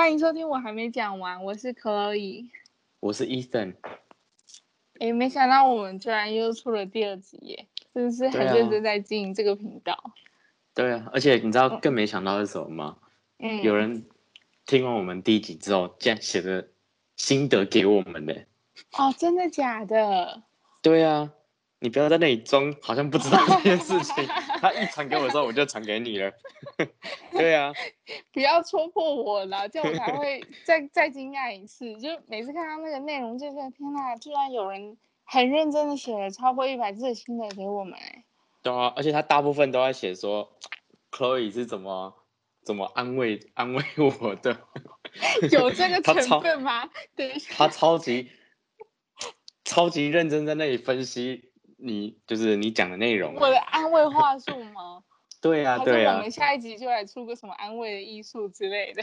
歡迎收聽，我還沒講完，我是 Chloe，我是伊森。欸，沒想到我們居然又出了第二集耶！是不是很認真在經營這個頻道？對啊，而且你知道更沒想到是什麼嗎？哦？嗯。有人聽完我們第一集之後，竟然寫了心得給我們呢。哦，真的假的？對啊，你不要在那裡裝，好像不知道這件事情。 他一傳給我之後，我就傳給你了。 對啊， 不要戳破我了，這樣我才會再再驚訝一次。就每次看到那個內容，就是天哪，啊，居然有人很認真的寫了超過一百字的新聞給我們。對啊，而且他大部分都在寫說 Chloe 是怎麼怎麼安慰安慰我的。有這個成分嗎？等一下，他超級 超級認真在那裡分析。你就是你講的內容、啊，我的安慰話術嗎？ 對啊，對啊。我們下一集就來出個什麼安慰的藝術之類的。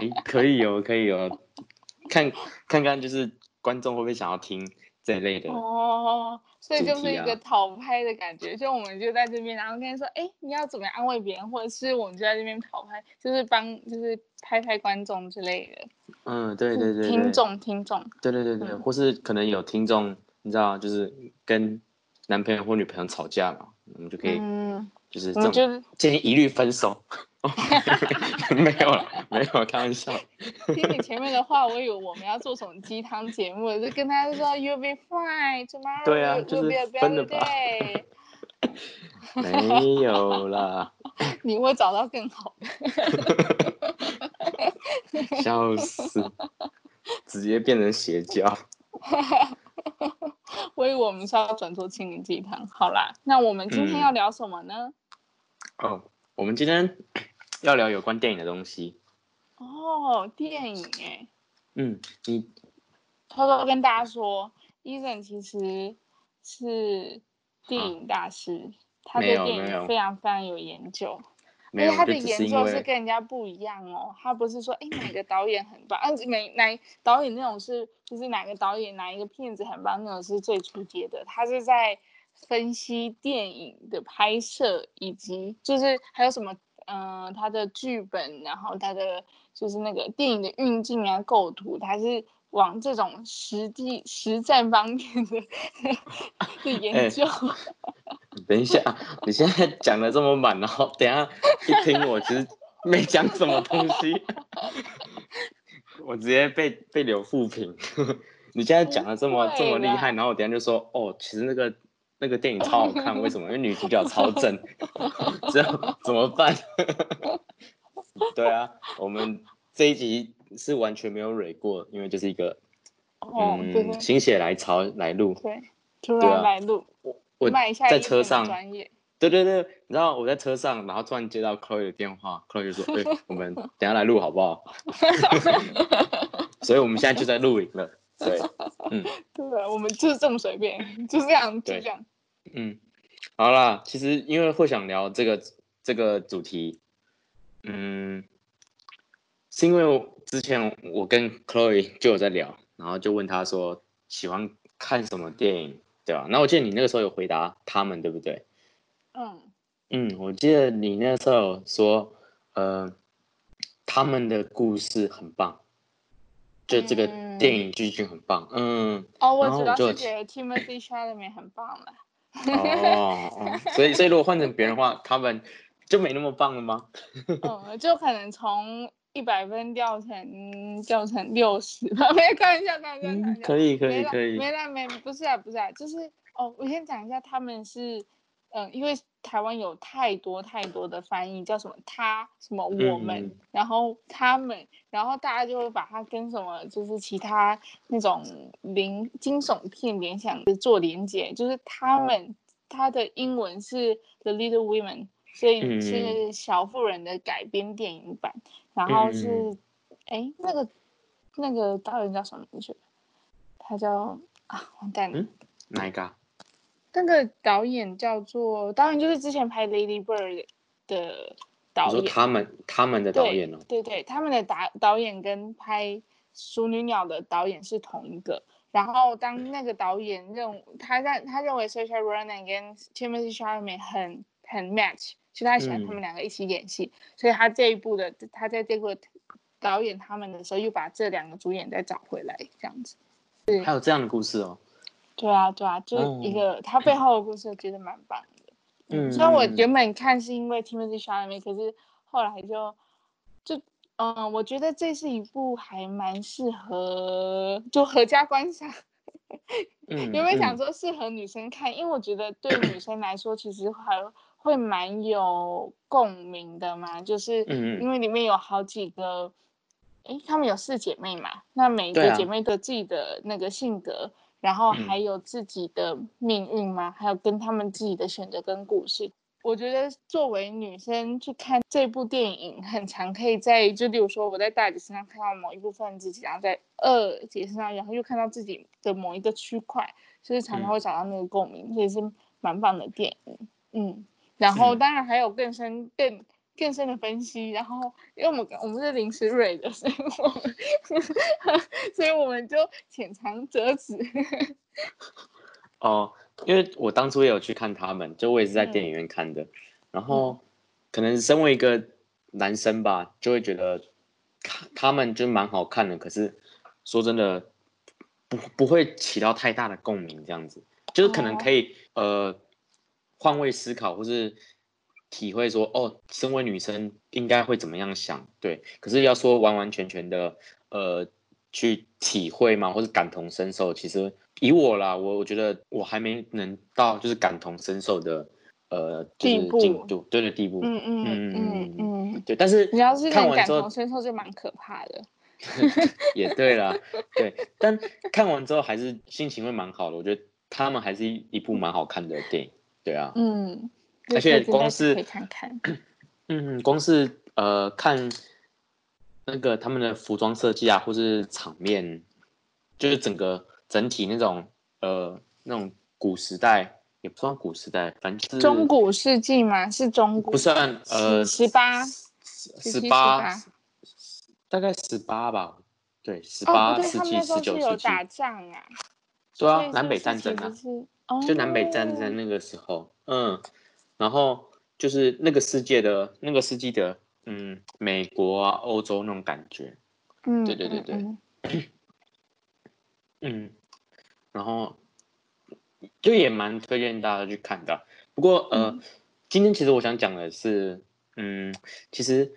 哎、欸，可以哦，可以哦。 看，看看看，就是觀眾會不會想要聽這類的、啊？哦，所以就是一個討拍的感覺，就我們就在這邊，然後跟你說，哎、欸，你要怎麼安慰別人，或者是我們就在這邊討拍，就是幫，就是拍拍觀眾之類的。嗯，對對對，對。聽眾，聽眾。對對對對、嗯，或是可能有聽眾，你知道，就是跟。男朋友或女朋友吵架了，嗯，我們就可以，就是這樣，我就建議一律分手。 沒有了，沒有，開玩笑。聽你前面的話，我以為我們要做什麼雞湯節目， 就跟他說 “You'll be fine tomorrow”。對啊，就是真的 沒有啦。 你會找到更好的，。 笑死，直接變成邪教。 我以為所以我們是要轉做清明祭湯，好啦。那我們今天要聊什麼呢？哦、嗯，oh, 我們今天要聊有關電影的東西。哦、oh,，電影哎。嗯，你偷偷跟大家說，伊森其實是電影大師、啊，他對電影非常非常有研究。啊因為他的研究是跟人家不一樣哦，他不是說哎哪個導演很棒，嗯，哪哪導演那種是，就是哪個導演哪一個片子很棒那種是最初級的，他是在分析電影的拍攝，以及就是還有什麼，嗯、呃，他的劇本，然後他的就是那個電影的運鏡啊、構圖，他是往這種實際實戰方面的呵呵的研究。哎等一下，你現在講的這麼滿，然後等一下一聽我其實沒講什麼東西， 我直接被被留負評， 你現在講的這麼這麼厲害，然後我等一下就說哦，其實那個那個電影超好看，為什麼？因為女主角超正， 這樣怎麼辦？ 對啊，我們這一集是完全沒有蕊過，因為就是一個嗯、哦、對對心血來潮來錄，對，突然、啊、來錄。我在車上，對對對，然後我在車上，然後突然接到 Chloe 的電話，Chloe 就說：“對、欸，我們等下來錄好不好？” 所以，我們現在就在錄影了。對，嗯，對，我們就是這麼隨便，就這樣，就這樣。嗯，好啦，其實因為會想聊這個這個主題，嗯，是因為我之前我跟 Chloe 就有在聊，然後就問他說喜歡看什麼電影。嗯對啊，那我記得你那個時候有回答他們，對不對？嗯嗯，我記得你那時候說，嗯、呃，他們的故事很棒，就這個電影劇情很棒。嗯,嗯哦，我哦我知道，就覺得 Timothée Chalamet 很棒了 哦哦。哦，所以所以如果換成別人的話，他們就沒那麼棒了嗎？ 嗯，就可能從。一百分掉成掉成六十，看一下，可以，嗯，可以，可以，沒了，沒不是啊，不是啊，就是哦，我先講一下，他們是嗯，因為台灣有太多太多的翻譯，叫什麼他什麼我們，嗯，然後他們，然後大家就會把它跟什麼就是其他那種靈驚悚片聯想的做連接，就是他們、哦、他的英文是 The Little Women。所以是《小婦人》的改編電影版、嗯，然後是，哎、嗯，那個那個導演叫什麼名字？他叫啊，完蛋了，嗯，哪一個、啊？那個導演叫做導演，就是之前拍《Lady Bird》的導演，說他們他們的導演哦，對對，對，他們的導導演跟拍《淑女鳥》的導演是同一個。然後當那個導演認他認、嗯、他認為，Saoirse Ronan 跟 Timothée Chalamet 裡面很很 match。其實他喜歡他們兩個一起演戲，所以他這一部的，他在這個導演他們的時候，又把這兩個主演再找回來，這樣子。對，還有這樣的故事哦。對啊，對啊，就一個他背後的故事，我覺得蠻棒的。嗯。雖然我原本看是因為 Timothée Chalamet，可是後來就就嗯，我覺得這是一部還蠻適合就合家觀賞。有沒有想說適合女生看，因為我覺得對女生來說，其實還。會蠻有共鳴的嘛，就是因為裡面有好幾個，哎、嗯嗯，她們有四姐妹嘛，那每一個姐妹都自己的那個性格，啊、然後還有自己的命運嘛，嗯、還有跟她們自己的選擇跟故事。我覺得作為女生去看這部電影，很常可以在，就例如說我在大姐身上看到某一部分自己，然後在二姐身上，然後又看到自己的某一個區塊，就是常常會找到那個共鳴、嗯，所以是蠻棒的電影，嗯。然後當然還有更深、更更深的分析。然後因為我們我們是林思睿的，所以我們所以我們就淺嘗輒止。哦，因為我當初也有去看他們，就我也是在電影院看的。然後、嗯、可能身為一個男生吧，就會覺得他們就蠻好看的。可是說真的，不不會起到太大的共鳴，這樣子就是可能可以呃。換位思考，或是體會說，哦，身為女生應該會怎麼樣想？對，可是要說完完全全的，呃，去體會嗎？或是感同身受？其實以我啦，我我覺得我還沒能到就是感同身受的，呃，就是進度，對的地步，嗯嗯嗯嗯，對。但是你要是看完之後身受就蠻可怕的， 也對啦，對，但看完之後還是心情會蠻好的。我覺得他們還是一一部蠻好看的電影。對對啊，嗯，而且光是，可以看看，嗯，光是呃看那個他們的服裝設計啊，或是場面，就是整個整體那種呃那種古時代，也不算古時代，反正中古世紀嘛，是中古，不算呃十八，十八，大概十八吧，對，十八世紀、十九世紀，19，是有打仗啊，對啊，就是、南北戰爭啊。就南北戰爭那個時候，oh. 嗯，然後就是那個世界的那個世紀的，嗯，美國啊、歐洲那種感覺，嗯，對對對對，嗯，然後就也蠻推薦大家去看的。不過呃，mm -hmm. 今天其實我想講的是，嗯，其實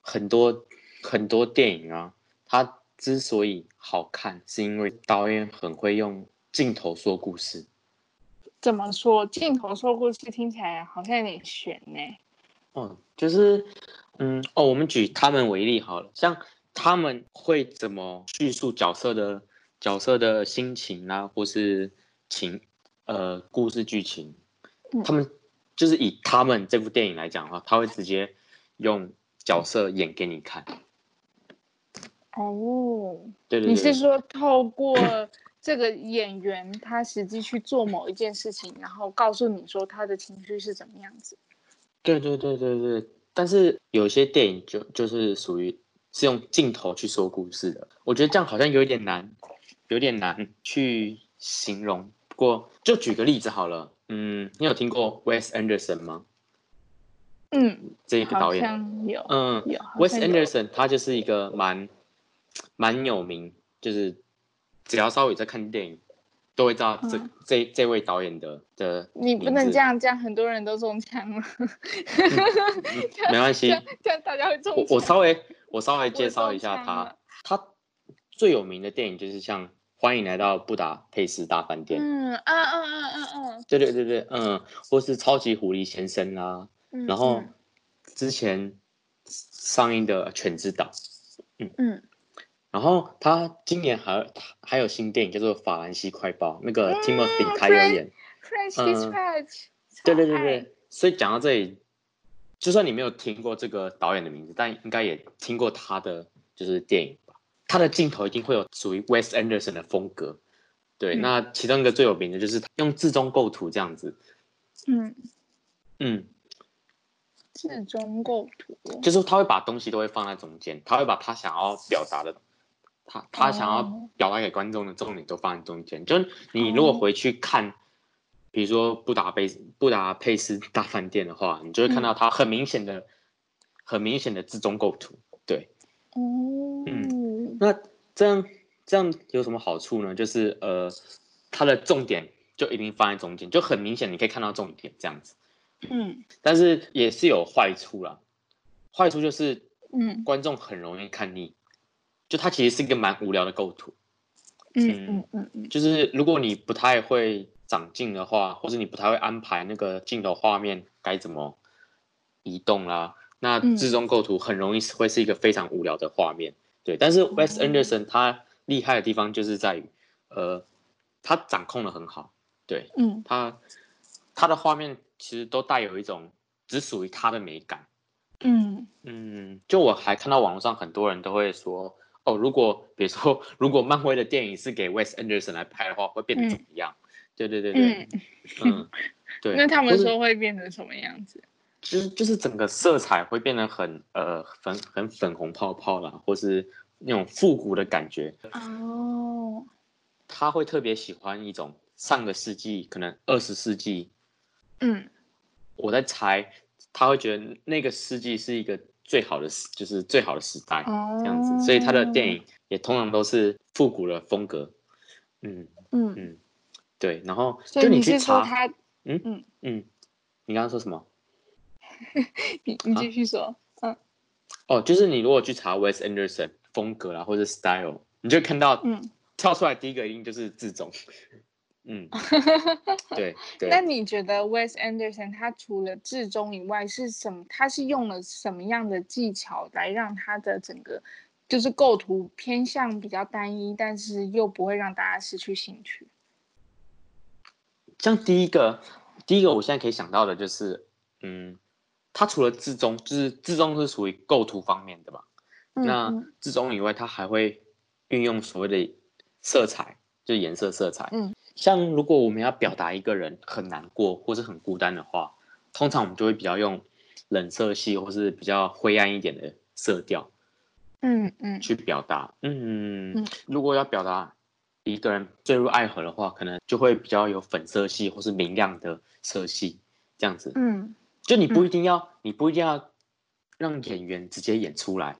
很多很多電影啊，它之所以好看，是因為導演很會用鏡頭說故事。怎麼說，鏡頭說故事聽起來好像有點玄呢、欸。哦，就是，嗯，哦，我們舉他們為例好了，像他們會怎麼敘述角色的角色的心情啊，或是情，呃，故事劇情，他們就是以他們這部電影來講的話，他會直接用角色演給你看。哦，對對對，對，你是說透過？ 這個演員他實際去做某一件事情，然後告訴你說他的情緒是怎麼樣子。對對對對對，但是有些電影就就是屬於是用鏡頭去說故事的，我覺得這樣好像有點難，有點難去形容。不過就舉個例子好了，嗯，你有聽過 Wes Anderson 嗎？嗯，這一個導演嗯，有，有 Wes Anderson，他就是一個蠻蠻有名，就是。只要稍微在看電影，都會知道這、嗯、這這位導演的的。你不能這樣，這樣很多人都中槍了、 嗯嗯。沒關係，這樣大家會中。我我稍微我稍微介紹一下他，他最有名的電影就是像《歡迎來到布達佩斯大飯店》。嗯啊啊啊啊啊！對、啊啊啊、對對對，嗯，或是《超級狐狸先生》啊，嗯、然後之前上映的《犬之島》嗯嗯。嗯然後他今年還、嗯、還有新電影叫做法蘭西快報，嗯、那個 Timothée 開演。French Dispatch。對對對對，所以講到這裡，就算你沒有聽過這個導演的名字，但應該也聽過他的就是電影吧？他的鏡頭一定會有屬於 Wes Anderson 的風格。對、嗯，那其中一個最有名的就是用對稱構圖這樣子。嗯嗯，對稱構圖，就是他會把東西都會放在中間，他會把他想要表達的。他他想要表達給觀眾的重點都放在中間，oh. 就是你如果回去看，比如說布達佩斯布達、oh. 佩斯大飯店的話，你就會看到他很明顯的、嗯、很明顯的自中構圖，對，哦、oh.，嗯，那這樣這樣有什麼好處呢？就是呃，它的重點就一定放在中間，就很明顯，你可以看到重點這樣子，嗯，但是也是有壞處啦，壞處就是嗯，觀眾很容易看膩。就它其實是一個蠻無聊的構圖，嗯嗯嗯就是如果你不太會長鏡的話，或者你不太會安排那個鏡頭畫面該怎麼移動啦、啊，那這種構圖很容易會是一個非常無聊的畫面。對，但是 Wes Anderson 他厲害的地方就是在於，呃，他掌控的很好，對，嗯，他他的畫面其實都帶有一種只屬於他的美感，嗯嗯，就我還看到網絡上很多人都會說。哦，如果比如說，如果漫威的電影是給 Wes Anderson 來拍的話，會變得怎麼樣？嗯、對對對對，嗯，嗯對。 那他們說會變成什麼樣子？就是就是整個色彩會變得很呃粉很，很粉紅泡泡啦，或是那種複古的感覺。哦。他會特別喜歡一種上個世紀，可能二十世紀。嗯。我在猜，他會覺得那個世紀是一個。最好的就是最好的時代，啊，這樣子，所以他的電影也通常都是復古的風格。嗯嗯嗯，對。然後就你去查你說他，嗯嗯嗯，你剛剛說什麼？ 你繼續說。嗯、啊，哦，啊，oh, 就是你如果去查 Wes Anderson 風格啦，或者 style，你就看到，嗯，跳出來第一個音就是這種。 嗯，對。對 那你覺得 Wes Anderson 他除了置中以外，是什麼？他是用了什麼樣的技巧來讓他的整個就是構圖偏向比較單一，但是又不會讓大家失去興趣？像第一個，第一個我現在可以想到的就是，嗯，他除了置中，就是置中是屬於構圖方面的吧？嗯、那置中以外，他還會運用所謂的色彩，就是顏色色彩。嗯像如果我們要表達一個人很難過或是很孤單的話，通常我們就會比較用冷色系或是比較灰暗一點的色調，嗯嗯，去表達。嗯嗯，如果要表達一個人墜入愛河的話，可能就會比較有粉色系或是明亮的色系這樣子。嗯，就你不一定要，嗯、你不一定要讓演員直接演出來。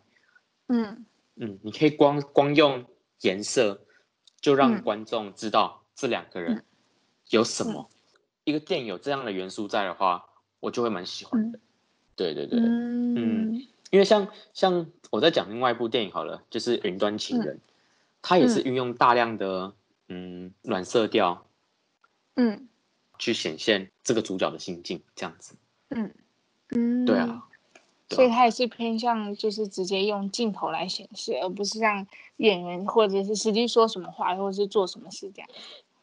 嗯嗯，你可以光光用顏色就讓觀眾知道。這兩個人、嗯、有什麼、嗯？一個電影有這樣的元素在的話，我就會蠻喜歡的。嗯、對對對，嗯，嗯因為像像我在講另外一部電影好了，就是《雲端情人》嗯，它也是運用大量的嗯暖、嗯、色調，嗯，去顯現這個主角的心境這樣子。嗯嗯，對啊，對，所以它也是偏向就是直接用鏡頭來顯示，而不是讓演員或者是實際說什麼話或者是做什麼事這樣。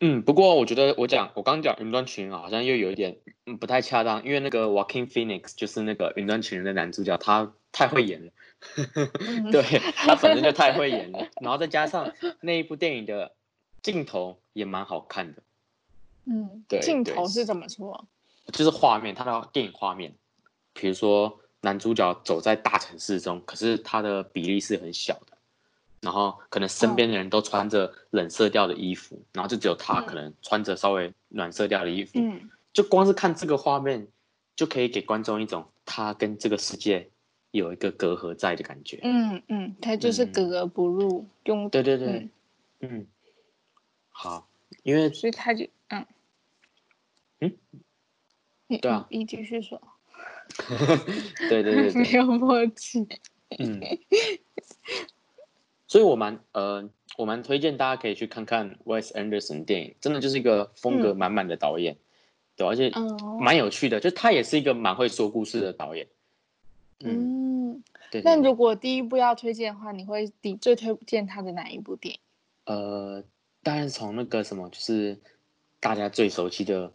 嗯，不過我覺得我講我剛剛講雲端群啊，好像又有一點不太恰當，因為那個 Joaquin Phoenix 就是那個雲端群的男主角，他太會演了， 嗯、對他反正就太會演了， 然後再加上那一部電影的鏡頭也蠻好看的，嗯，對，鏡頭是怎麼說？就是畫面，他的電影畫面，比如說男主角走在大城市中，可是他的比例是很小的。然後可能身邊的人都穿着冷色調的衣服，哦，然後就只有他可能穿着稍微暖色調的衣服。嗯、就光是看這個畫面，就可以給觀眾一種他跟這個世界有一個隔閡在的感覺。嗯嗯，他就是格格不入，嗯、用對對對嗯，嗯，好，因為所以他就嗯嗯，對啊，你繼續說。 對、對、對、對對對，沒有默契。嗯。 所以我蠻呃，我蠻推薦大家可以去看看 Wes Anderson 電影，真的就是一個風格滿滿的導演，嗯、對，而且蠻有趣的、嗯，就他也是一個蠻會說故事的導演。嗯，嗯對，對。那如果第一部要推薦的話，你會頂最推薦他的哪一部電影？呃，當然是從那個什麼，就是大家最熟悉的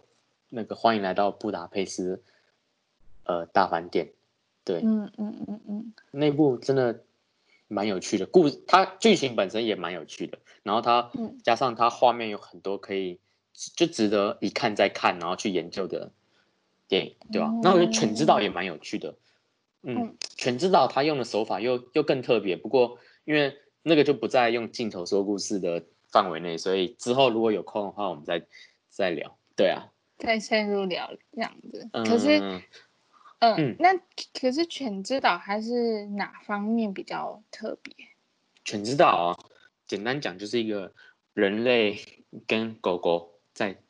那個《歡迎來到布達佩斯》呃大飯店，對，嗯嗯嗯嗯，那部真的。蠻有趣的故，它劇情本身也蠻有趣的，然後它加上它畫面有很多可以、嗯、就值得一看再看，然後去研究的電影，對吧？那我覺得犬之島也蠻有趣的，嗯，犬之島它用的手法又又更特別，不過因為那個就不在用鏡頭說故事的範圍內，所以之後如果有空的話，我們再再聊，對啊，再深入聊這樣子可是。呃、嗯，那可是《犬之島》還是哪方面比較特別？《犬之島》啊，簡單講就是一個人類跟狗狗在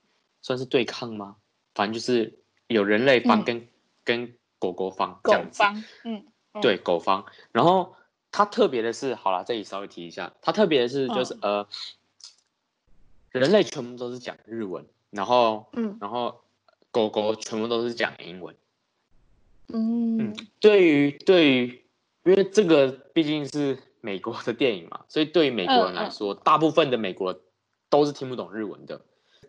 算是對抗嗎？反正就是有人類方跟、嗯、跟狗狗方，狗方嗯，嗯，對，狗方。然後它特別的是，好了，這裡稍微提一下，它特別的是就是、嗯、呃，人類全部都是講日文，然後嗯，然後狗狗全部都是講英文。嗯嗯，對於對於，因為這個畢竟是美國的電影嘛，所以對於美國人來說，大部分的美國都是聽不懂日文的。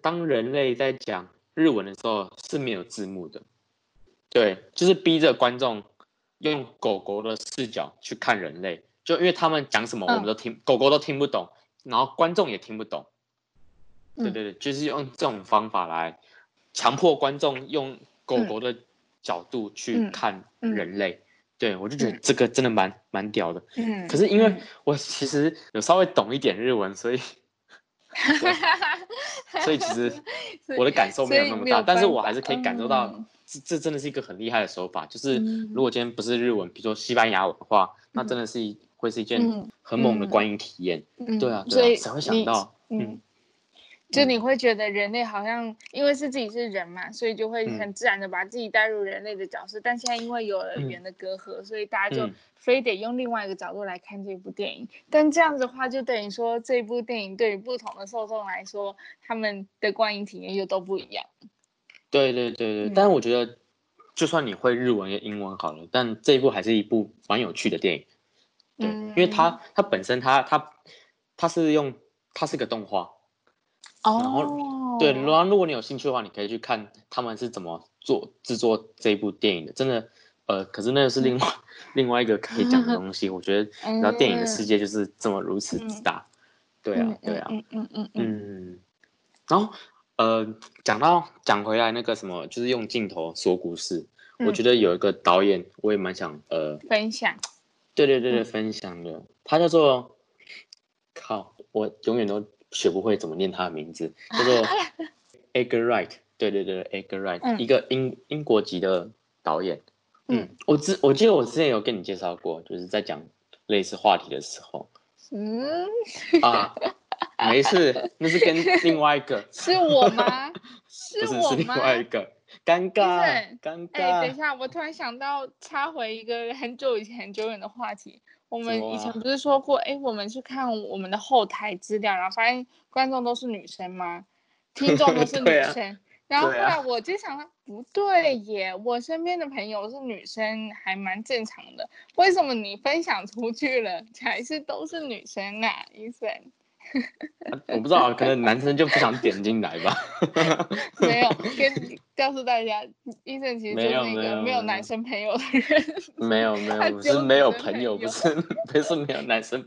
當人類在講日文的時候是沒有字幕的，對，就是逼着觀眾用狗狗的視角去看人類，就因為他們講什麼我們都聽，嗯、狗狗都聽不懂，然後觀眾也聽不懂。對對對，就是用這種方法來強迫觀眾用狗狗的、嗯。角度去看人類，嗯嗯、對我就覺得這個真的蠻蠻、嗯、屌的、嗯。可是因為我其實有稍微懂一點日文，所以，嗯、 所以其實我的感受沒有那麼大，但是我還是可以感受到，這、嗯、這真的是一個很厲害的手法。就是如果今天不是日文，比如說西班牙文的話，那真的是一、嗯、會是一件很猛的觀影體驗、嗯。對啊，對啊、所以才會想到，嗯。就你會覺得人類好像，因為是自己是人嘛，所以就會很自然的把自己帶入人類的角色。嗯、但現在因為有了語言的隔閡、嗯，所以大家就非得用另外一個角度來看這部電影。嗯、但這樣子的話，就等於說這部電影對於不同的受眾來說，他們的觀影體驗又都不一樣。對對對對，嗯、但是我覺得，就算你會日文、英文好了，但這一部還是一部蠻有趣的電影。對嗯，因為它它本身它它它是用它是個動畫。哦，對，然後如果你有興趣的話，你可以去看他們是怎麼做製作這一部電影的，真的，呃，可是那個是另外、嗯、另外一個可以講的東西，嗯、我覺得、嗯，然後電影的世界就是這麼如此之大，嗯，對啊，對啊，嗯嗯嗯嗯，嗯，然後呃，講到講回來那個什麼，就是用鏡頭說故事，嗯、我覺得有一個導演，我也蠻想呃分享，對對對對，分享的、嗯，他叫做，靠，我永遠都。學不會怎麼念他的名字，叫做 Edgar Wright。對對對，對 Edgar Wright，、嗯、一個英英國籍的導演。嗯，我、嗯、之我記得我之前有跟你介紹過，就是在講類似話題的時候。嗯。啊， 沒事，那是跟另外一個。是我嗎？是我嗎？ 是，是另外一個。尷尬。尷尬。哎，等一下，我突然想到插回一個很久以前很久遠的話題。我們以前不是說過，哎、啊，我們去看我們的後台資料，然後發現觀眾都是女生嗎？聽眾都是女生， 啊、然後後來我就想了、啊、不對耶，我身邊的朋友是女生還蠻正常的，為什麼你分享出去了還是都是女生啊，伊森？ 啊，我不知道，可能男生就不想點進來吧。 沒有，跟告訴大家，Ethan 其實沒有沒有沒有男生朋友的人。沒有沒有，不 是沒有朋友， 不是不是沒有男生，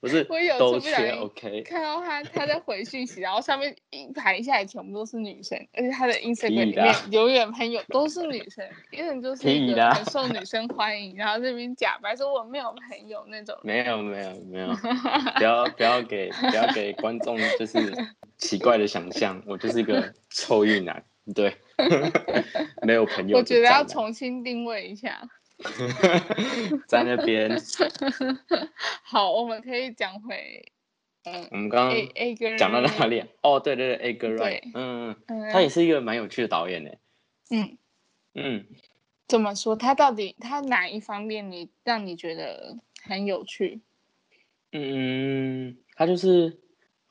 不是都學 OK。看到他 他在回信息，然後上面一排下來全部都是女生，而且他的 Instagram 裡面永遠朋友都是女生， Ethan 就是一個很 受女生歡迎，然後這邊假白說我沒有朋友那種。沒有沒有沒有，不要， 不要，不要給。 要給觀眾就是奇怪的想象， 我就是一個臭運男，對， 沒有朋友。我覺得要重新定位一下。 在那邊。好，我們可以講回，嗯，我們剛剛 A 哥講到哪裡？哦，對對對，Edgar Wright，嗯嗯，他也是一個蠻有趣的導演呢，欸。嗯嗯，怎麼說？他到底他哪一方面你讓你覺得很有趣？嗯。他就是，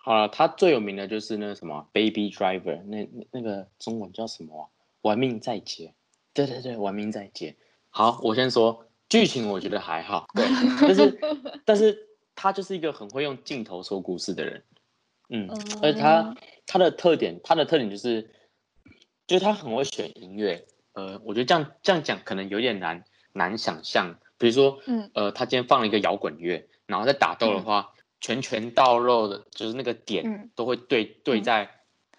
啊，他最有名的就是那什麼《Baby Driver》，那那個中文叫什麼、啊？《玩命再劫》。對對對，《玩命再劫》。好，我先說，劇情我覺得還好。對，但、 就是，但是他就是一個很會用鏡頭說故事的人。嗯，而且他、嗯、他的特點，他的特點就是，就他很會選音樂。呃，我覺得這樣這樣講可能有點難難想象。比如說，嗯，呃，他今天放了一個搖滾樂，然後在打鬥的話。嗯拳拳到肉的，就是那個點、嗯、都會對對在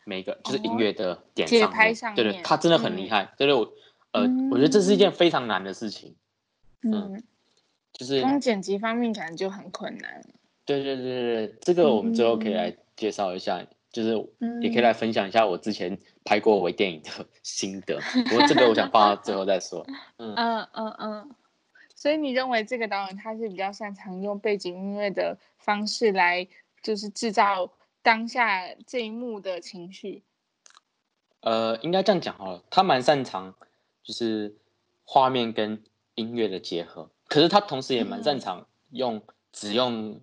每個、嗯、就是音樂的點上，上，對對，對，他真的很厲害。嗯、對是，我、嗯、呃、嗯，我覺得這是一件非常難的事情。嗯，嗯就是從剪輯方面可能就很困難。對，對對對對，這個我們最後可以來介紹一下、嗯，就是也可以來分享一下我之前拍過微電影的心得。不、嗯、過、嗯、這個我想放到最後再說。嗯 嗯嗯。呃呃呃所以你認為這個導演他是比較擅長用背景音樂的方式來，就是製造當下這一幕的情緒？呃，應該這樣講好了，他蠻擅長就是畫面跟音樂的結合，可是他同時也蠻擅長用、嗯、只用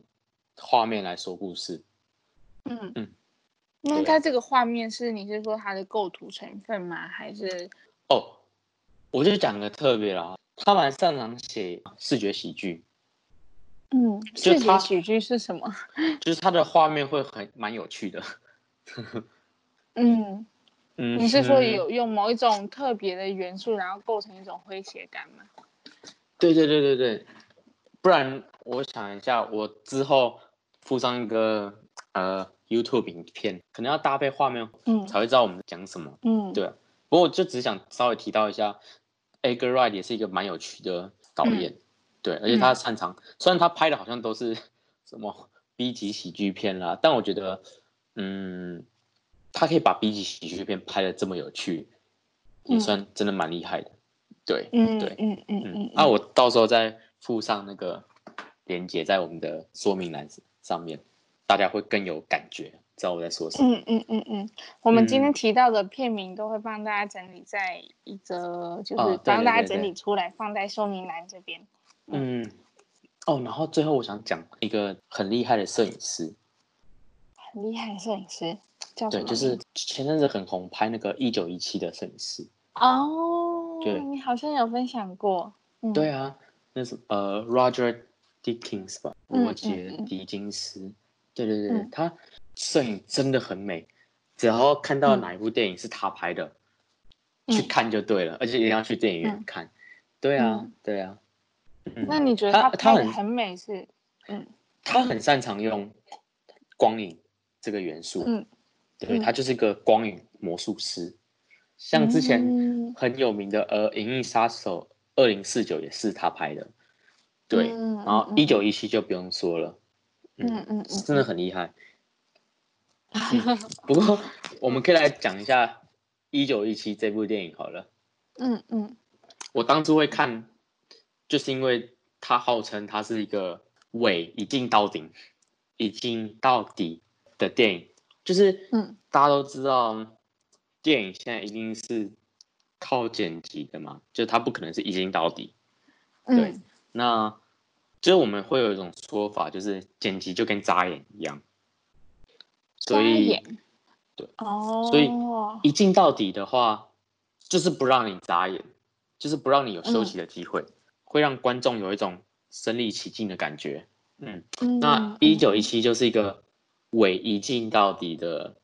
畫面來說故事。嗯嗯。那他這個畫面是你是說他的構圖成分嗎？還是？哦、oh，我就講個特別的。嗯他蠻擅長寫視覺喜劇，嗯他，視覺喜劇是什麼？就是他的畫面會很蠻有趣的， 嗯，嗯，你是說有用某一種特別的元素，然後構成一種詼諧感嗎？對對對對對，不然我想一下，我之後附上一個呃 YouTube 影片，可能要搭配畫面，嗯，才會知道我們在講什麼，嗯，嗯對，不過我就只想稍微提到一下。Edgar Wright 也是一個蠻有趣的導演、嗯，對，而且他擅長，嗯、雖然他拍的好像都是什麼 B 級喜劇片啦，但我覺得，嗯，他可以把 B 級喜劇片拍的這麼有趣，嗯、也算真的蠻厲害的，對，嗯、對，嗯嗯嗯嗯，那、啊、我到時候再附上那個連結在我們的說明欄上面，大家會更有感覺。知道我在說什麼，嗯嗯嗯嗯，我們今天提到的片名都會幫大家整理在一個、嗯、就是幫大家整理出來、啊、對對對對，放在說明欄這邊、嗯。嗯，哦，然後最後我想講一個很厲害的攝影師。很厲害的攝影師叫什麼？對，就是前陣子很紅，拍那個《一九一七》的攝影師。哦對，你好像有分享過。嗯、對啊，那是呃，Roger Deakins 吧，羅、嗯、傑、迪金斯。嗯嗯嗯對，對對對，他、嗯、攝影真的很美，只要看到哪一部電影是他拍的，嗯、去看就對了，而且一定要去電影院看。嗯、對啊、嗯，對啊。那你覺得他他很很美是？嗯，他很擅長用光影這個元素。嗯，對他、嗯、就是一個光影魔術師，嗯、像之前很有名的呃《銀翼殺手2049》二零四九也是他拍的，對，嗯、然後一九一七就不用說了。嗯嗯嗯嗯真的很厲害、嗯。不過我們可以來講一下《一九一七》這部電影好了。嗯嗯。我當初會看，就是因為它號稱它是一個偽一鏡到頂、一鏡到底的電影。就是，嗯，大家都知道，電影現在一定是靠剪輯的嘛，就它不可能是一鏡到底。對，那。就是我們會有一種說法，就是剪輯就跟眨眼一樣，所以對哦，所以一鏡到底的話，就是不讓你眨眼，就是不讓你有休息的機會、嗯，會讓觀眾有一種身臨其境的感覺。嗯，嗯，那一九一七就是一個偽一鏡到底的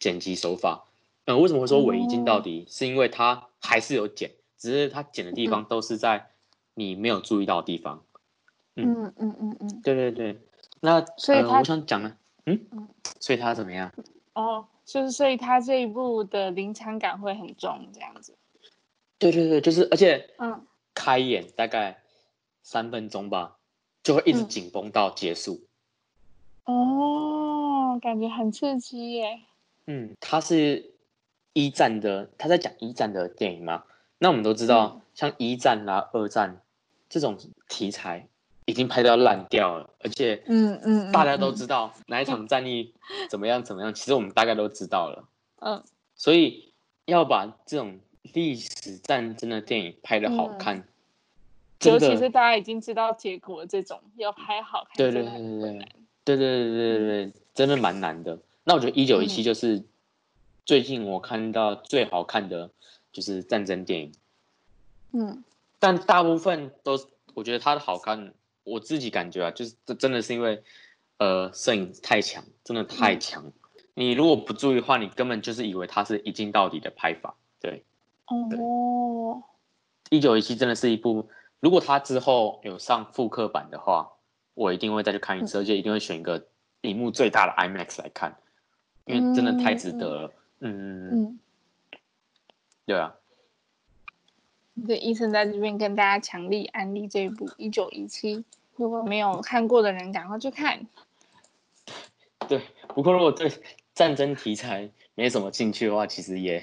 剪輯手法。嗯、呃，為什麼會說偽一鏡到底哦？是因為它還是有剪，只是它剪的地方都是在你沒有注意到的地方。嗯嗯嗯嗯嗯，對對對，那所以、呃、我想講呢，嗯，所以他怎麼樣？哦，就是所以他這一部的臨場感會很重，這樣子。對對對，就是而且，嗯，開演大概三分鐘吧，就會一直緊繃到結束、嗯。哦，感覺很刺激耶。嗯，他是一戰的，他在講一戰的電影嘛。那我們都知道，嗯、像一戰啦、啊、二戰這種題材。已經拍到爛掉了，而且嗯嗯，大家都知道哪一場戰役怎麼樣怎麼樣，其實我們大概都知道了，嗯，所以要把這種歷史戰爭的電影拍得好看、嗯的，尤其是大家已經知道結果這種，要拍好看，對對對對對，真的蠻難的。那我覺得《一九一七》就是最近我看到最好看的就是戰爭電影，嗯，但大部分都我覺得它的好看。我自己感覺啊，就是這真的是因為，呃，攝影太強，真的太強。嗯。你如果不注意的話，你根本就是以為它是一鏡到底的拍法。對，對哦。《一九一七》真的是一部，如果它之後有上復刻版的話，我一定會再去看一次，嗯。而且一定會選一個熒幕最大的 IMAX 來看，因為真的太值得了。嗯，嗯。對啊。對，伊森在這邊跟大家強力安利這一部《一九一七》，如果沒有看過的人，趕快去看。對，不過如果對戰爭題材沒什麼興趣的話，其實也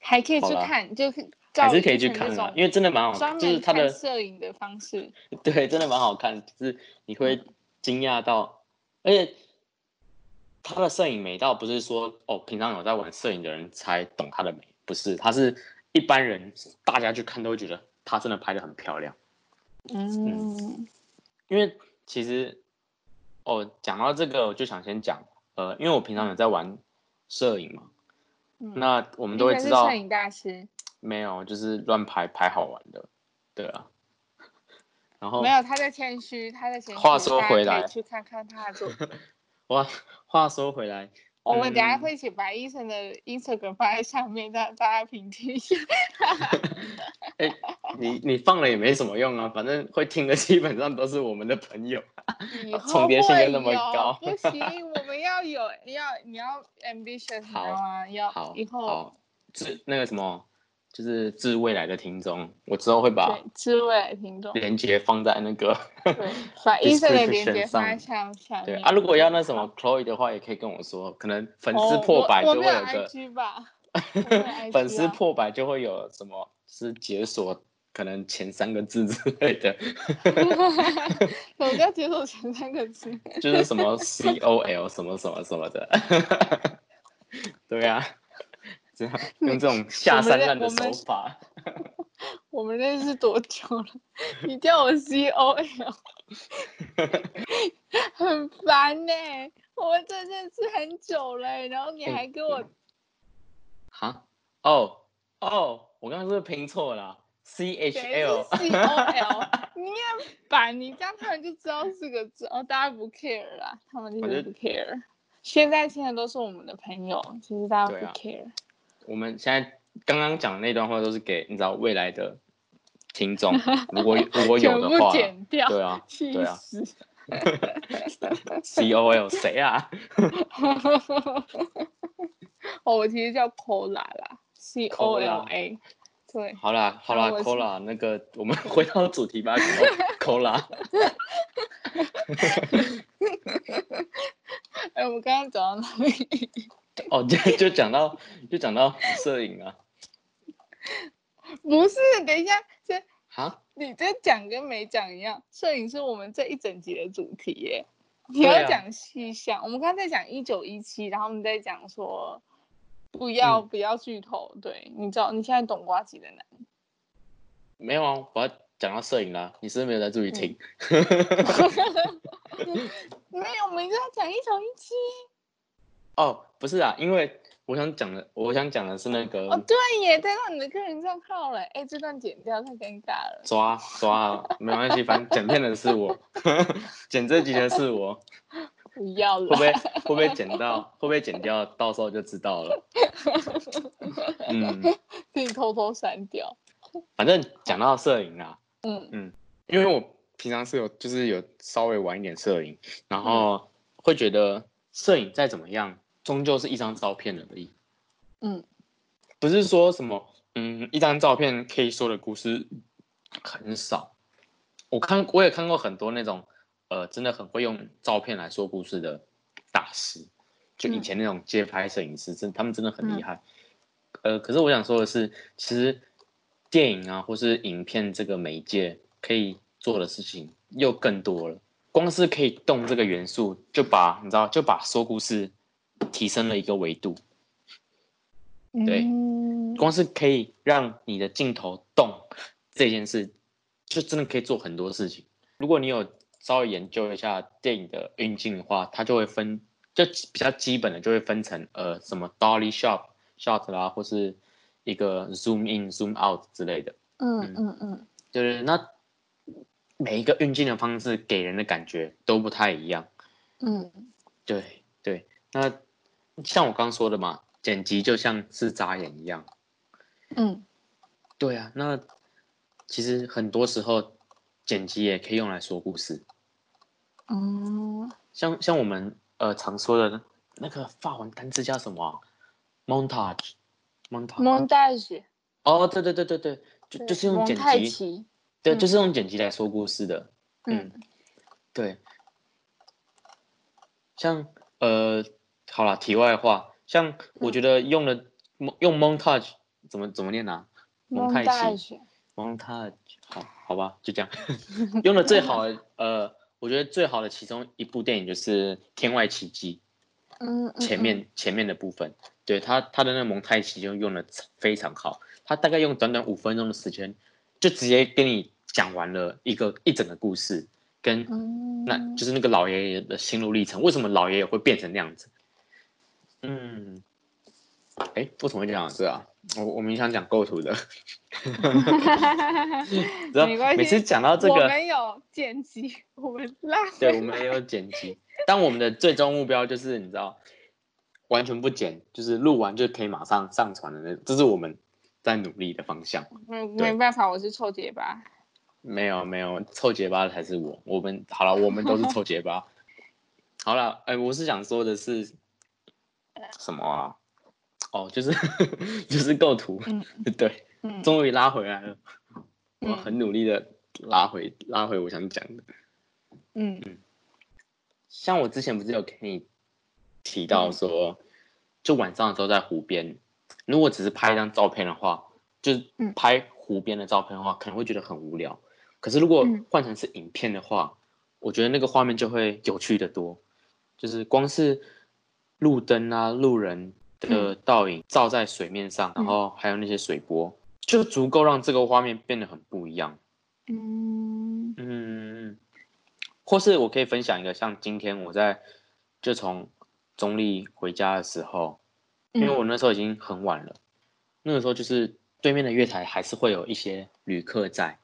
還可以去看，就是還是可以去看，啊看的，因為真的蠻好，就是他的攝影的方式，對，真的蠻好看，就是你會驚訝到，嗯、而且他的攝影美到不是說哦，平常有在玩攝影的人才懂他的美，不是，他是。一般人大家去看都會覺得他真的拍的很漂亮，嗯，因為其實哦，講到這個我就想先講呃，因為我平常有在玩攝影嘛，嗯、那我們都會知道攝影大師沒有，就是亂拍拍好玩的，對啊，然後沒有他在謙虛，他在謙虛。話說回來，去看看他的哇， 話說回來。我們等下會一起把伊森的 Instagram 放在上面，讓大家平聽一下。哎、嗯，你你放了也沒什麼用啊，反正會聽的基本上都是我們的朋友。 重疊性又那麼高，不行，我們要有，要你要 ambitious，要啊，好要好以後。好好是那個什麼？就是致未來的聽眾，我之後會把致未來的聽眾鏈接放在那個，那個 把醫生的鏈接發，對啊，如果要那什麼 Chloe 的話，也可以跟我說。可能粉絲破百就會有個，有吧？有啊、 粉絲破百就會有什麼是解鎖，可能前三個字之類的。我 在 解鎖前三個字？ 就是什麼 C O L 什麼什麼什麼的。 對啊。用這種下三濫的手法。我們，我，們 我們認識多久了？你叫我 C O L， 很煩呢、欸。我們這認識很久了、欸，然後你還跟我、欸嗯，哈？哦哦，我剛剛是不是拼錯了？C H L C O L，你也煩。你這樣他們就知道是個字，哦，大家不 care 了，他們就是不 care。現在聽的都是我們的朋友，其實大家不 care。我們現在剛剛講的那段話都是給你知道未來的聽眾，如果如果有的話， 剪掉。對啊，對啊 ，C O L 誰啊？我其實叫 Cola 啦，C Cola O L A。對，好啦好啦 ，Cola，那個我們回到主題吧 ，Cola。哎 欸，我們剛剛講到哪裡？ 哦，就講就講到就講到攝影啊， 不是，等一下，這啊，你這講跟沒講一樣。攝影是我們這一整集的主題耶，啊、你要講細項。我們剛剛在講一九一七，然後我們在講說不、嗯，不要不要劇透。對你知道，你現在懂呱吉的男人？沒有啊，我要講到攝影啦、啊，你是不是沒有在注意聽？嗯、 沒有，我們在講一九一七。哦、oh.。不是啊，因為我想講的，我想講的是那個哦，對耶，拍到你的個人賬號了，哎，這段剪掉太尷尬了，抓抓，沒關係，反正剪片的是我，剪這集的是我，不要了，會不會會不會剪到，會不會剪掉，到時候就知道了，嗯，可以偷偷刪掉，反正講到攝影啊，嗯嗯，因為我平常是有就是有稍微玩一點攝影，然後會覺得攝影再怎麼樣。終究是一張照片而已，嗯，不是說什麼，嗯，一張照片可以說的故事很少。我看我也看過很多那種，呃，真的很會用照片來說故事的大師，就以前那種街拍攝影師，真、嗯、他們真的很厲害、嗯。呃，可是我想說的是，其實電影啊，或是影片這個媒介可以做的事情又更多了。光是可以動這個元素，就把你知道，就把說故事。提升了一個維度，對，光是可以讓你的鏡頭動這件事，就真的可以做很多事情。如果你有稍微研究一下電影的運鏡的話，它就會分，就比較基本的就會分成呃什麼 dolly shot shot 啦，或是一個 zoom in zoom out 之類的。嗯嗯嗯，就是那每一個運鏡的方式給人的感覺都不太一樣。嗯，對對，那。像我剛，剛說的嘛，剪輯就像是眨眼一樣。嗯，對啊。那其實很多時候剪輯也可以用來說故事。哦、嗯。像像我們呃常說的那個法文單詞叫什麼、啊？Montage。Montage。Montage。哦，對對對對對，就就是用剪輯。對，就是用剪輯來說故事的。嗯。嗯對。像呃。好了，題外話，像我覺得用的、嗯、用蒙太奇怎麼怎麼念啊？蒙太奇，蒙太奇，Montage, 好，好吧，就這樣。 用的最好的， 呃，我覺得最好的其中一部電影就是《天外奇蹟》。嗯，嗯、前面前面的部分，嗯嗯、對他他的那個蒙太奇就用的非常好。他大概用短短五分鐘的時間，就直接跟你講完了一個一整個故事，跟、嗯、那就是那個老爺爺的心路歷程。為什麼老爺爺會變成那樣子？嗯，哎、欸，不怎麼會講這啊？我我們想講構圖的， 沒關係。每次講到這個，我們沒有剪輯，我們拉對，我們沒有剪輯， 但我們的最終目標就是你知道，完全不剪，就是錄完就可以馬上上傳的那種，這是我們在努力的方向。嗯，沒辦法，我是臭結巴。沒有沒有，臭結巴才是我。我們好了，我們都是臭結巴。 好了，哎、欸，我是想說的是。什麼啊？哦、oh，就是 就是構圖，嗯、 對、嗯，終於拉回來了。 我很努力的拉回拉回我想講的嗯。嗯，像我之前不是有跟你提到說，嗯、就晚上的時候在湖邊。如果只是拍一張照片的話，嗯、就是拍湖邊的照片的話，可能會覺得很無聊。可是如果換成是影片的話，嗯、我覺得那個畫面就會有趣的多。就是光是路燈啊，路人的倒影照在水面上，嗯、然後還有那些水波、嗯，就足夠讓這個畫面變得很不一樣。嗯嗯，或是我可以分享一個，像今天我在，就從中壢回家的時候，因為我那時候已經很晚了，嗯、那個時候就是對面的月台還是會有一些旅客在。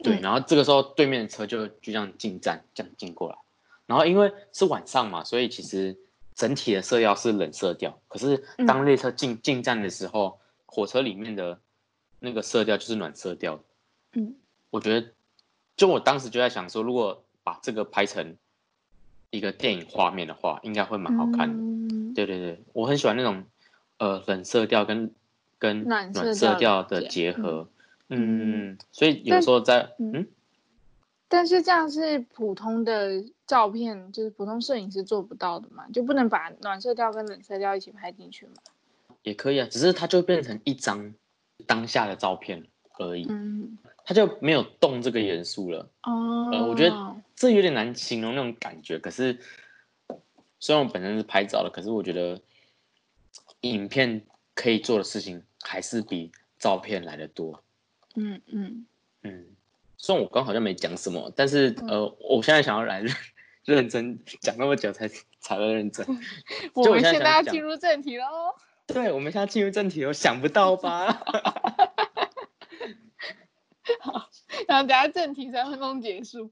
嗯、對，然後這個時候對面的車就就這樣進站，這樣進過來。然後因為是晚上嘛，所以其實整體的色調是冷色調。可是當列車進、嗯、進站的時候，火車裡面的那個色調就是暖色調。嗯，我覺得就我當時就在想說，如果把這個拍成一個電影畫面的話，應該會蠻好看的。嗯、對對對，我很喜歡那種呃冷色調跟跟暖色調的結合。嗯，嗯，所以有時候在嗯。嗯但是這樣是普通的照片，就是普通攝影是做不到的嘛？就不能把暖色調跟冷色調一起拍進去嘛。也可以啊，只是它就變成一張當下的照片而已。嗯。它就沒有動這個元素了。哦，呃，我覺得這有點難形容那種感覺。可是，雖然我本身是拍照的，可是我覺得影片可以做的事情還是比照片來得多。嗯嗯嗯。雖然我剛好像沒講什麼，但是呃、嗯，我現在想要來認真講那麼久才才會認真。我們現在們先大家進入正題嘍。對，我們現在進入正題，我想不到吧？ 好，然後等下正題才會功結束。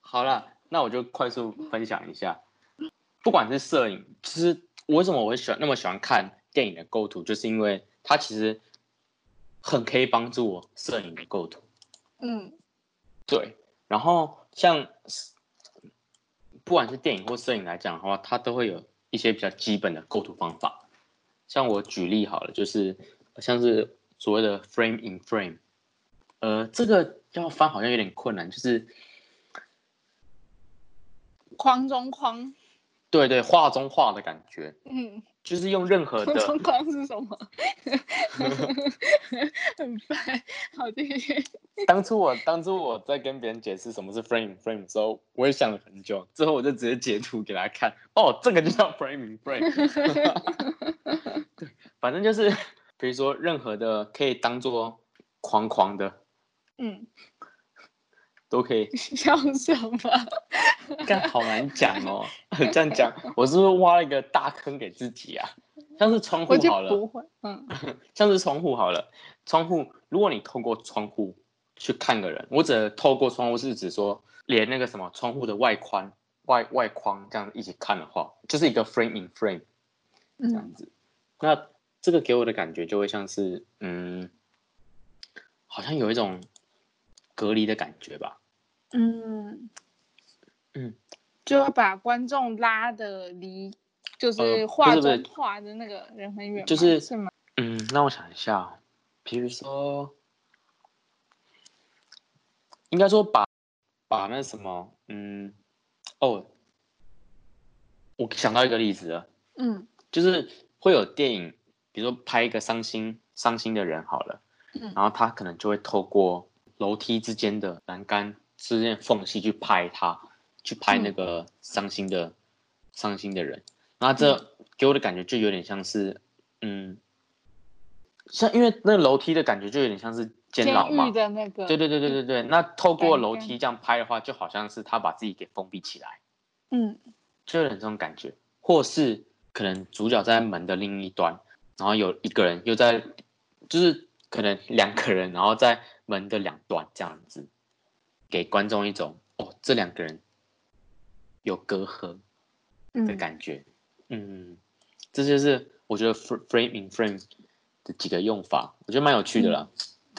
好了，那我就快速分享一下，不管是攝影，其、就、實、是、為什麼我會喜歡那麼喜歡看電影的構圖，就是因為它其實很可以幫助我攝影的構圖。嗯，對，然後像不管是電影或攝影來講的話，它都會有一些比較基本的構圖方法。像我舉例好了，就是像是所謂的 “frame in frame”，呃，這個要翻好像有點困難，就是框中框，對對，畫中畫的感覺，嗯。就是用任何的框框是什麼？很煩。好聽。當初我當初我在跟別人解釋什麼是 frame frame 的時候，我也想了很久，之後我就直接截圖給他看。哦，這個就叫 frame frame。 對，反正就是，比如說任何的可以當做框框的。嗯。都可以，像 哦、 這樣想吧。這樣好難講哦。這樣講，我是不是挖了一個大坑給自己啊？像是窗戶好了，嗯，像是窗戶好了。窗戶，如果你透過窗戶去看個人，我只透過窗戶是指說，連那個什麼窗戶的外框、外外框這樣一起看的話，就是一個 frame in frame，這樣子。嗯、那這個給我的感覺就會像是，嗯，好像有一種隔離的感覺吧。嗯，嗯，就要把觀眾拉的離，就是畫中畫的那個人很遠，呃，就是是嗎？嗯，那我想一下，比如說，應該說把把那什麼，嗯，哦，我想到一個例子了，嗯，就是會有電影，比如說拍一個傷心傷心的人好了，嗯，然後他可能就會透過樓梯之間的欄杆。之間縫隙去拍他，去拍那個傷心的、嗯、傷心的人。那這給我的感覺就有點像是，嗯，嗯，像因為那個樓梯的感覺就有點像是監牢嘛、監獄的那個。對對對對對對、嗯。那透過樓梯這樣拍的話，就好像是他把自己給封閉起來。嗯。就有點這種感覺，或是可能主角在門的另一端，然後有一個人又在，就是可能兩個人，然後在門的兩端這樣子。給觀眾一種哦，這兩個人有隔閡的感覺。嗯，嗯，這就是我覺得 frame in frame 的幾個用法，我覺得蠻有趣的啦。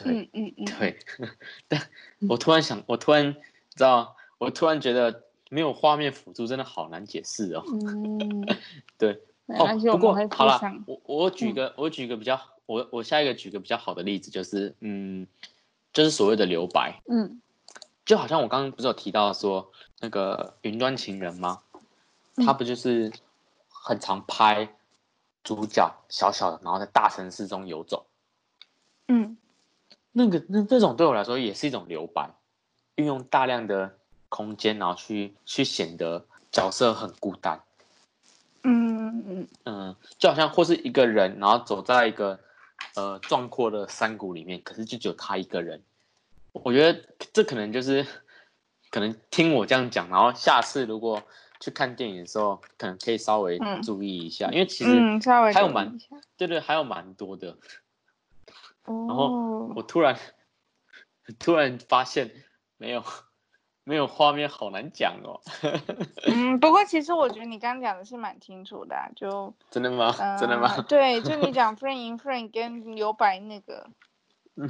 嗯、對，嗯嗯對嗯，但我突然想，我突然，嗯、知道，我突然覺得沒有畫面輔助真的好難解釋哦。嗯、 對哦。沒關係，不過會不好啦，我會我我舉個，嗯、我舉個比較我我下一個舉個比較好的例子就是，嗯，就是所謂的留白，嗯。就好像我剛剛不是有提到說那個雲端情人嗎？他不就是很常拍主角小小的，然後在大城市中游走。嗯，那個那這種對我來說也是一種留白，運用大量的空間，然後去去顯得角色很孤單。嗯嗯，就好像或是一個人，然後走在一個呃壯闊的山谷裡面，可是就只有他一個人。我覺得這可能就是，可能聽我這樣講，然後下次如果去看電影的時候，可能可以稍微注意一下，嗯、因為其實還有蠻、嗯，對對，還有蠻多的。然後我突然、哦、突然發現，沒有沒有畫面，好難講哦。 嗯，不過其實我覺得你剛、剛講的是蠻清楚的，就真的嗎？真的嗎？呃、對，就你講 frame in frame 跟留白那個。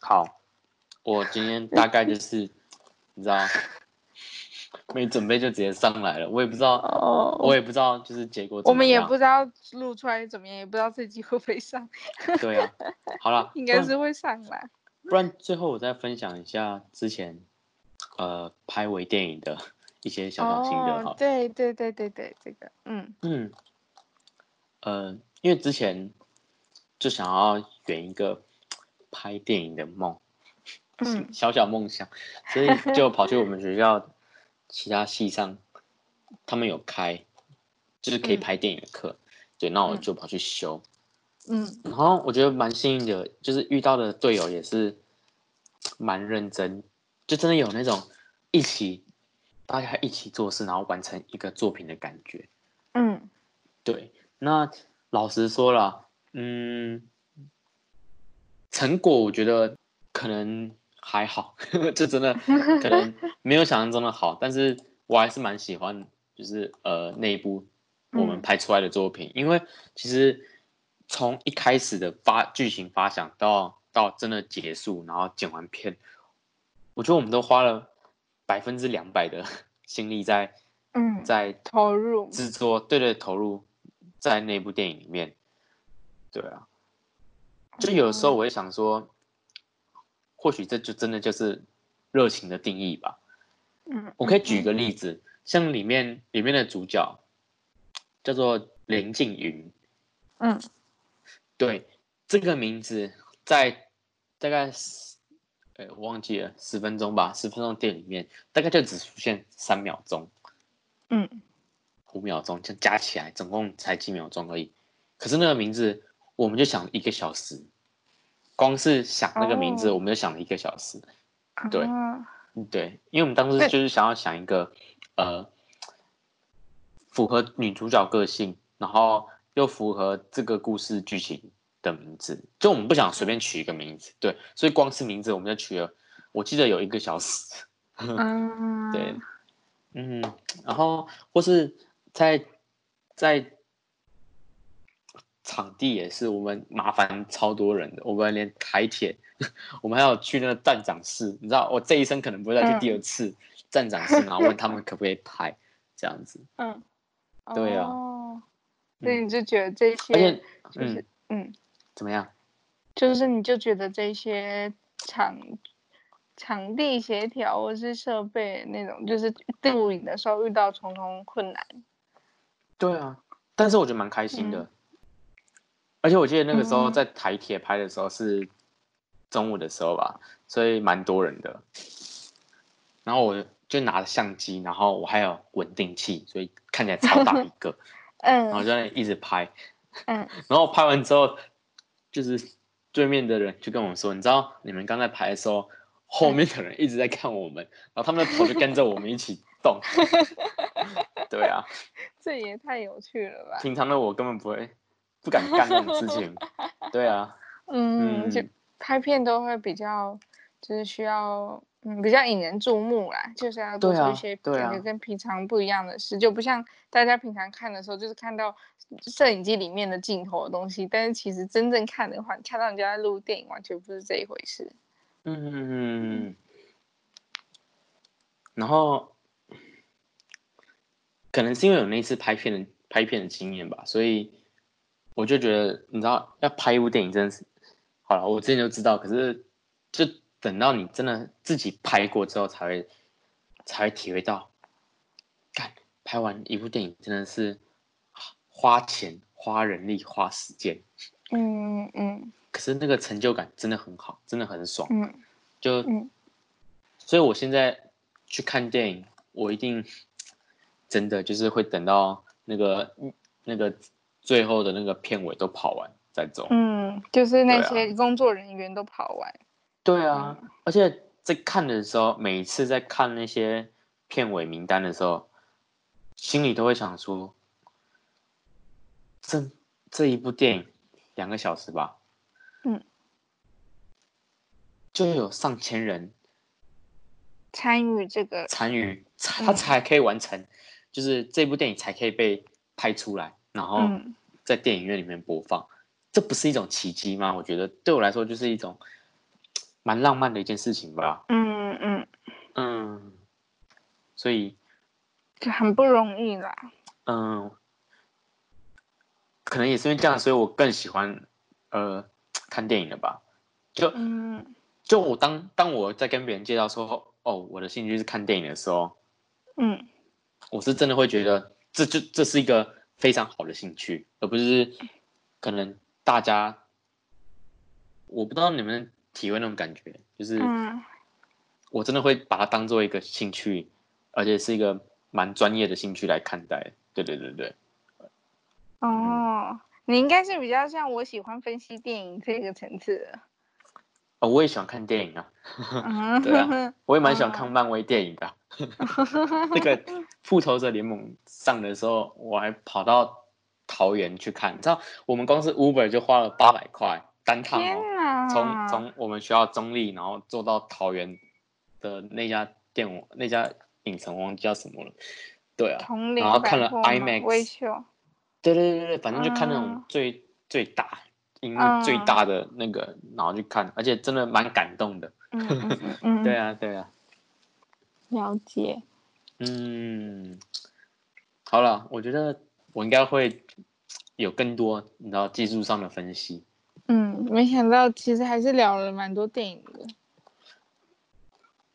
好，我今天大概就是， 你知道，沒準備就直接上來了，我也不知道，oh, 我也不知道就是結果怎麼樣。我們也不知道錄出來怎麼樣，也不知道這集會不會上。 對啊，好啦。應該是會上來不。不然最後我再分享一下之前，呃，拍微電影的一些小小心得哈。對對對對對，這個，嗯嗯嗯、呃，因為之前就想要選一個。拍電影的夢，小小夢想，嗯，所以就跑去我們學校 其他系上，他們有開，就是可以拍電影的課，嗯，對，那我就跑去修，嗯，然後我覺得蠻幸運的，就是遇到的隊友也是蠻認真，就真的有那種一起，大家一起做事，然後完成一個作品的感覺，嗯，對，那老實說啦，嗯。成果我覺得可能還好，這 真的可能沒有想象中的好， 但是我還是蠻喜歡，就是呃那一部我們拍出來的作品，嗯、因為其實從一開始的發劇情發想到到真的結束，然後剪完片，我覺得我們都花了百分之兩百的心力在嗯在投入製作，對對投入在那部電影裡面，對啊。就有時候我會想說，或許這就真的就是熱情的定義吧。嗯，我可以舉一個例子，像裡面裡面的主角叫做林靖云。嗯，對，這個名字在大概哎、欸、我忘記了十分鐘吧，十分鐘電影裡面大概就只出現三秒鐘。嗯，五秒鐘，就加起來總共才幾秒鐘而已。可是那個名字。我們就想一個小時，光是想那個名字，我們就想了一個小時。對，對，因為我們當時就是想要想一個，呃，符合女主角個性，然後又符合這個故事劇情的名字。就我們不想隨便取一個名字，對，所以光是名字，我們就取了，我記得有一個小時。對，嗯，然後或是在在。場地也是，我們麻煩超多人的。我們連台鐵， 我們還要去那個站長室，你知道，我、哦、這一生可能不會再去第二次站長室，嗯、然後問他們可不可以拍 這樣子。嗯，對啊、哦。對、哦嗯，所以你就覺得這些、就是而且，嗯嗯，怎麼樣？就是你就覺得這些場場地協調或是設備那種，就是錄影的時候遇到重重困難。對啊，但是我覺得蠻開心的。嗯而且我記得那個時候在台鐵拍的時候是中午的時候吧，嗯、所以蠻多人的。然後我就拿着相機，然後我還有穩定器，所以看起來超大一個。嗯。然後就一直拍。嗯。然後拍完之後，就是對面的人就跟我說：“嗯、你知道，你們剛在拍的時候，後面的人一直在看我們，嗯、然後他們的頭就跟着我們一起動。 ” 對啊。這也太有趣了吧！平常的我根本不會。 不敢幹的事情，對啊。嗯，嗯，就拍片都會比較，就是需要，嗯，比較引人注目啦，就是要做出一些感、啊、跟平常不一樣的事、啊，就不像大家平常看的時候，就是看到攝影機裡面的鏡頭的東西，但是其實真正看的話，看到人家在錄電影，完全不是這一回事。嗯。嗯，然後，可能是因為有那一次拍片的拍片的經驗吧，所以。我就覺得，你知道，要拍一部電影真的是，好了，我之前就知道，可是，就等到你真的自己拍過之後，才會，才會體會到，幹，拍完一部電影真的是，花錢、花人力、花時間，嗯嗯嗯，可是那個成就感真的很好，真的很爽，嗯，嗯就，所以我現在去看電影，我一定，真的就是會等到那個那個。最後的那個片尾都跑完再走，嗯，就是那些工作人員都跑完，對啊，嗯、而且在看的時候，每一次在看那些片尾名單的時候，心裡都會想說，這這一部電影、嗯、兩個小時吧，嗯，就有上千人參與這個參與，他才可以完成、嗯，就是這部電影才可以被拍出來。然後在電影院裡面播放、嗯，這不是一種奇蹟嗎？我覺得對我來說就是一種蠻浪漫的一件事情吧。嗯嗯嗯，所以這很不容易啦。嗯，可能也是因為這樣，所以我更喜歡呃看電影了吧？就、嗯、就我當當我在跟別人介紹說哦，我的興趣是看電影的時候，嗯，我是真的會覺得這就這是一個。非常好的興趣，而不是可能大家，我不知道你們體會那種感覺，就是我真的會把它當做一個興趣，而且是一個蠻專業的興趣來看待。對對對對，哦，嗯，你應該是比較像我喜歡分析電影這個層次。哦、我也喜歡看電影啊呵呵，對啊，我也蠻喜歡看漫威電影的、啊。 那個復仇者聯盟上的時候，我還跑到桃園去看，你知道，我們光是 Uber 就花了八百塊單趟從，從從我們學校中立，然後坐到桃園的那家店，那家影城我忘記叫什麼了，對啊，然後看了 IMAX，對對對對對，反正就看那種最、嗯、最大。最大的那個，uh, 然後去看，而且真的蠻感動的。嗯嗯嗯、 對啊，對啊。了解。嗯，好了，我覺得我應該會有更多你知道技術上的分析。嗯，沒想到其實還是聊了蠻多電影的。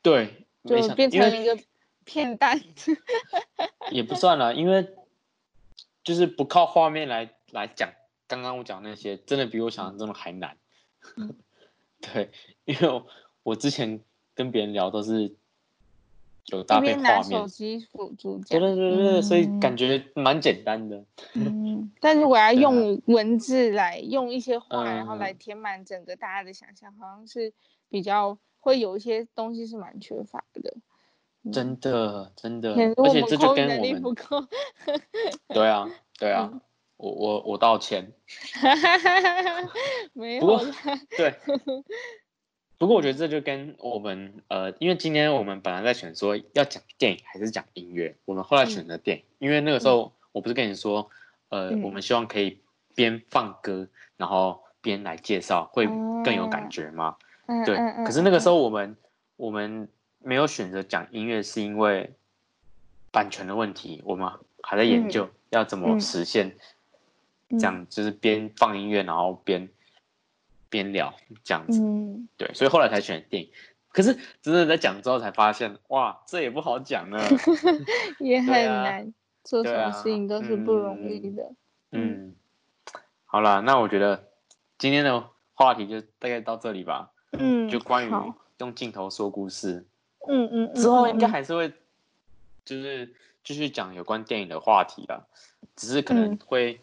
對，就變成一個片單。 也不算了，因為就是不靠畫面來來講。剛剛我講那些真的比我想象中的還難，嗯、 對，因為我之前跟別人聊都是有搭配畫面，手機輔助，對對對對、嗯，所以感覺蠻簡單的。嗯、 但是我要用文字來用一些話、嗯，然後來填滿整個大家的想象、嗯，好像是比較會有一些東西是蠻缺乏的。真的真的，而且這就跟我們對啊 對啊。對啊，嗯我我我道歉， 沒有。對，不過我覺得這就跟我們呃，因為今天我們本來在選說要講電影還是講音樂，我們後來選擇電影，嗯、因為那個時候、嗯、我不是跟你說，呃、嗯，我們希望可以邊放歌，然後邊來介紹，會更有感覺嗎？啊、對、嗯嗯嗯。可是那個時候我們、嗯、我們沒有選擇講音樂，是因為版權的問題，我們還在研究要怎麼實現、嗯。嗯講就是邊放音樂然後邊、嗯，然後邊邊聊這樣子、嗯，對，所以後來才選電影。可是真的在講之後才發現，哇，這也不好講呢，也很難、啊，做什麼事情都是不容易的嗯。嗯，好啦，那我覺得今天的話題就大概到這裡吧。嗯，就關於用鏡頭說故事。嗯嗯，嗯。之後應該還是會就是繼續講有關電影的話題啦、嗯，只是可能會。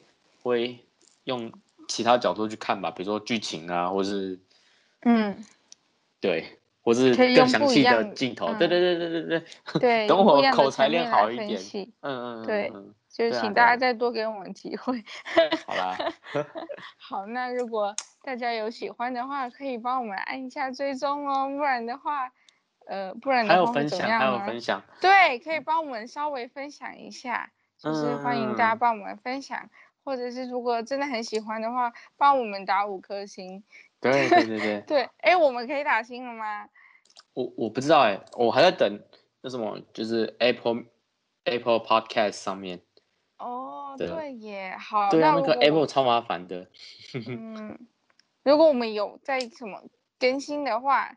會用其他角度去看吧，比如說劇情啊，或是，嗯，對，或者是更詳細的鏡頭，對、嗯、對對對對對，對，等我口才練好一點，嗯嗯，對嗯，就請大家再多給我們機會，好啦、啊，啊、 好，那如果大家有喜歡的話，可以幫我們按一下追蹤哦，不然的話，呃，不然、啊、還有分享，還有分享，對，可以幫我們稍微分享一下，嗯、就是歡迎大家幫我們分享。或者是如果真的很喜歡的話，幫我們打五顆星。對對對對。 對，哎、欸，我們可以打星了嗎？我我不知道哎、欸，我還在等那什麼，就是 Apple Apple Podcast 上面。哦、oh，對，也好。對，那個 Apple 那超麻煩的。 嗯，如果我們有再什麼更新的話，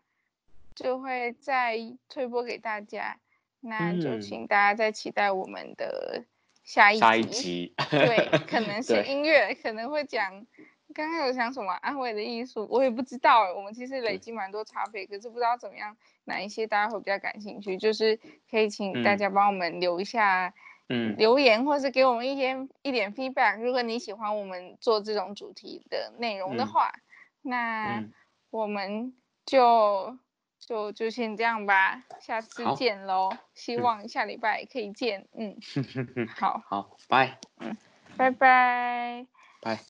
就會再推播給大家。那就請大家再期待我們的。嗯。下一集，下一集 對，可能是音樂， 可能會講。剛剛有講什麼安慰的藝術，我也不知道。我們其實累積蠻多差費，可是不知道怎麼樣，哪一些，大家會比較感興趣，就是可以請大家幫我們留一下，嗯，留言或是給我們一些一點 feedback。如果你喜歡我們做這種主題的內容的話，嗯、那我們就。就就先這樣吧，下次見嘍！希望下禮拜可以見，嗯。嗯 好，好，拜，嗯，拜拜，拜。